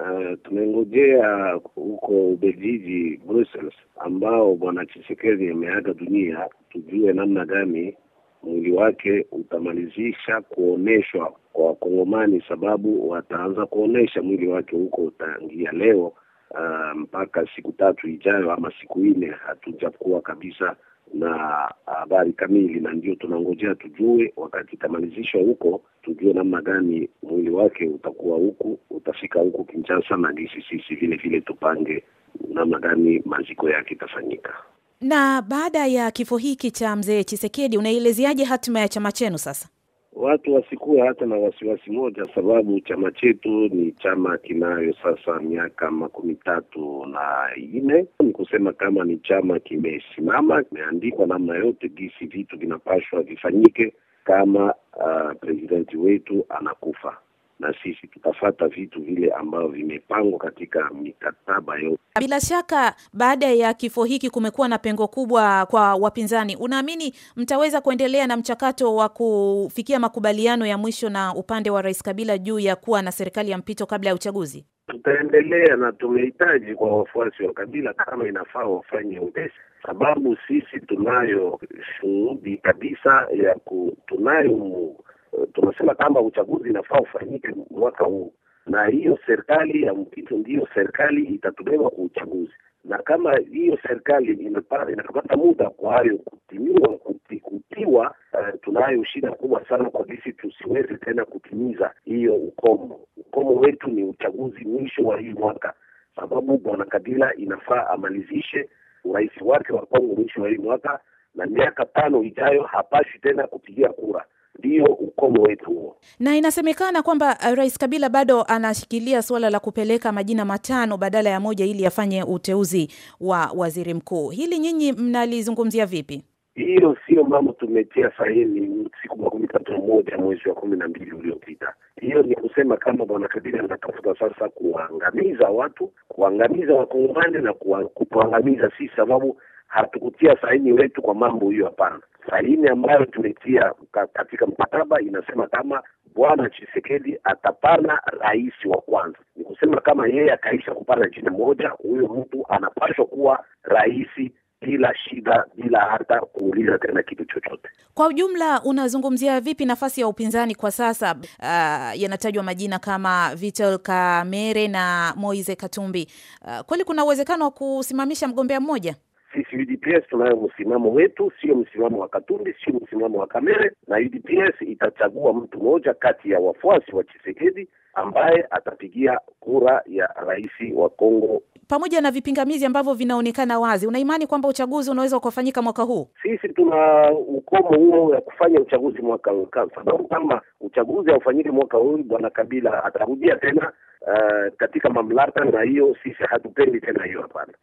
Uh, tumengojea huko Ubelgiji Brussels, ambao bwana Chisekedi ameaga dunia, tujue namna gani mwili wake utamalizisha kuoneshwa kwa Wakongomani, sababu wataanza kuonesha mwili wake huko utaingia leo uh, mpaka siku tatu ijayo ama siku nne, hatujakuwa kabisa na habari kamili, na ndio tunangojea tujue, wakati itamalizishwa huko, tujue namna gani mwili wake utakuwa huku utafika huku Kinshasa, na gisi sisi vile vile tupange namna gani maziko yake itafanyika. Na baada ya kifo hiki cha mzee Chisekedi, unaielezeaje hatima ya chama chenu sasa? watu wasikuwe hata na wasiwasi moja, sababu chama chetu ni chama kinayo sasa miaka makumi tatu na ine. Ni kusema kama ni chama kimesimama, kimeandikwa namna yote gisi vitu vinapashwa vifanyike kama uh, ah, presidenti wetu anakufa na sisi tutafata vitu vile ambavyo vimepangwa katika mikataba yote. Bila shaka, baada ya kifo hiki kumekuwa na pengo kubwa kwa wapinzani. Unaamini mtaweza kuendelea na mchakato wa kufikia makubaliano ya mwisho na upande wa Rais Kabila juu ya kuwa na serikali ya mpito kabla ya uchaguzi? Tutaendelea na tumehitaji kwa wafuasi wa Kabila kama inafaa wafanye upesi, sababu sisi tunayo shuhudi kabisa ya ku, tunayo Eh, tunasema kwamba uchaguzi inafaa ufanyike mwaka huu, na hiyo serikali ya mpito ndiyo serikali itatumiwa kwa uchaguzi, na kama hiyo serikali inapata muda kwa hayo kutimiwa kutiwa, uh, tunayo shida kubwa sana kwa sisi, tusiweze tena kutimiza hiyo ukomo. Ukomo wetu ni uchaguzi mwisho wa hii mwaka, sababu bwana Kabila inafaa amalizishe urais wake wa Kongo mwisho wa hii mwaka, na miaka tano ijayo hapashi tena kupigia kura. Ndiyo ukomo wetu huo, na inasemekana kwamba uh, Rais Kabila bado anashikilia suala la kupeleka majina matano badala ya moja ili afanye uteuzi wa waziri mkuu. Hili nyinyi mnalizungumzia vipi? Hiyo sio mambo tumetia saini siku makumi kumi tatu na moja mwezi wa kumi na mbili uliopita. Hiyo ni kusema kama bwana Kabila anatafuta sasa kuwaangamiza watu, kuangamiza wakongomani na kuangamiza sisi, sababu hatukutia saini wetu kwa mambo hiyo, hapana. Saini ambayo tumetia katika mkataba inasema kama Bwana Chisekedi atapana rais wa kwanza, ni kusema kama yeye akaisha kupana jina moja, huyo mtu anapashwa kuwa rais bila shida, bila hata kuuliza tena kitu chochote. Kwa ujumla, unazungumzia vipi nafasi ya upinzani kwa sasa? Uh, yanatajwa majina kama Vital Kamerhe na Moise Katumbi. Uh, kweli kuna uwezekano wa kusimamisha mgombea mmoja? UDPS tunayo msimamo wetu, sio msimamo wa Katumbi, sio msimamo wa Kamere, na UDPS itachagua mtu mmoja kati ya wafuasi wa Chisekedi ambaye atapigia kura ya rais wa Kongo. Pamoja na vipingamizi ambavyo vinaonekana wazi, unaimani kwamba uchaguzi unaweza ukafanyika mwaka huu? Sisi tuna ukomo huo ya kufanya uchaguzi mwaka huu, sababu kama uchaguzi haufanyiki mwaka huu, bwana Kabila atarudia tena uh, katika mamlaka, na hiyo sisi hatupendi tena hiyo, hapana.